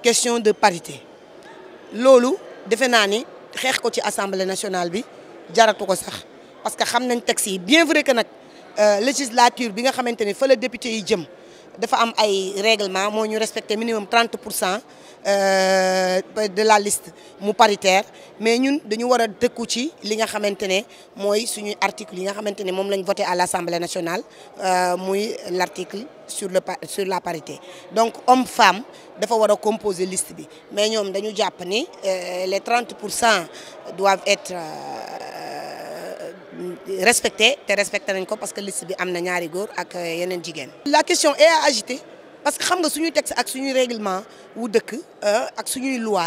question de parité Lolo, defe naa ni ko ci assemblée nationale bi jaratu ko sax parce que je sais texte yi bien vrai que la euh, législature bi nga xamante ni fa député yi jëm dafa am ay règlement qui ñu respecter minimum 30 euh, de la liste mu paritaire mais ñun dañu wara a ci li nga xamantene moy suñu un article li nga lañ voté à l'Assemblée nationale euh, muy l'article sur le sur la parité donc homme femme dafa war a composer liste mais nous, dañu japp ni euh, les 30 doivent être respecté te respecté nañ parce que liste bi am ñaari goor ak euh, yenen jigen. la question est à agiter parce que xam nga suñu texte ak suñu règlement wu dëkk euh, ak suñu loi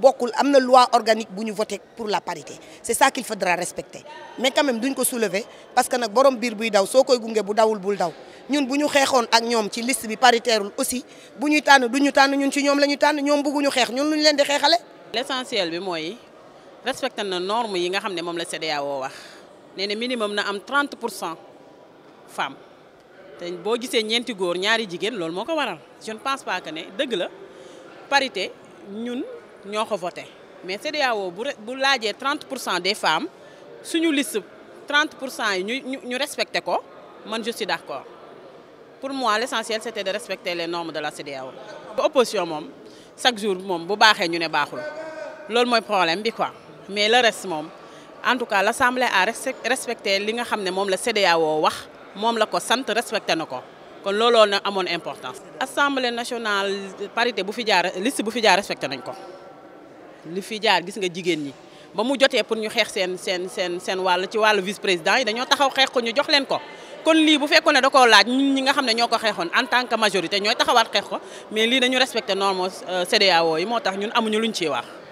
bokul amna loi organique buñu voté pour la parité c'est ça qu'il faudra respecter mais quand même duñ ko soulever parce que nak borom bir buy daw sokoy gungé gunge bu dawul bul daw ñun buñu ñu ak ñom ci liste bi paritaire aussi bu ñuy duñu du ñun ci ñom lañu ñu ñom ñoom bëgguñu xéx ñun luñu leen di xéxalé. l'essentiel bi moy respecter na norme yi nga xamné mom moom la CEDEAO wax nee minimum na am 30 femmes te boo gisee ñeenti góor ñaari jigéen loolu moo waral je ne pense pas que ne dëgg la parité ñun nous ko voté mais CEDEAO bu bu laajee 30 des femmes suñu liste 30 ñu ñu respecté ko je suis d'accord. pour moi l'essentiel, c'était de respecter les normes de la CEDEAO. L'opposition, chaque jour moom bu baaxee ñu ne baaxul loolu mooy problème bi quoi mais le reste moom en tout cas l'Assemblée a respecté li nga xam ne moom la CEDEAO wax moom la ko sant respecté na kon looloo na amoon importance. Assemblée nationale parité bu fi jaar liste bu fi jaar respecté nañ ko li fi jaar gis nga jigéen ñi ba mu pour ñu xeex seen seen seen seen wàll ci wàllu vice président yi dañoo taxaw xeex ko ñu jox leen ko. kon lii bu fekkoon ne da koo laaj ñun ñi nga xam ne ñoo ko xeexoon en tant que majorité ñooy taxawaat xeex ko mais lii dañu respecté normes euh, CEDEAO yi moo tax ñun amuñu luñ ciy wax.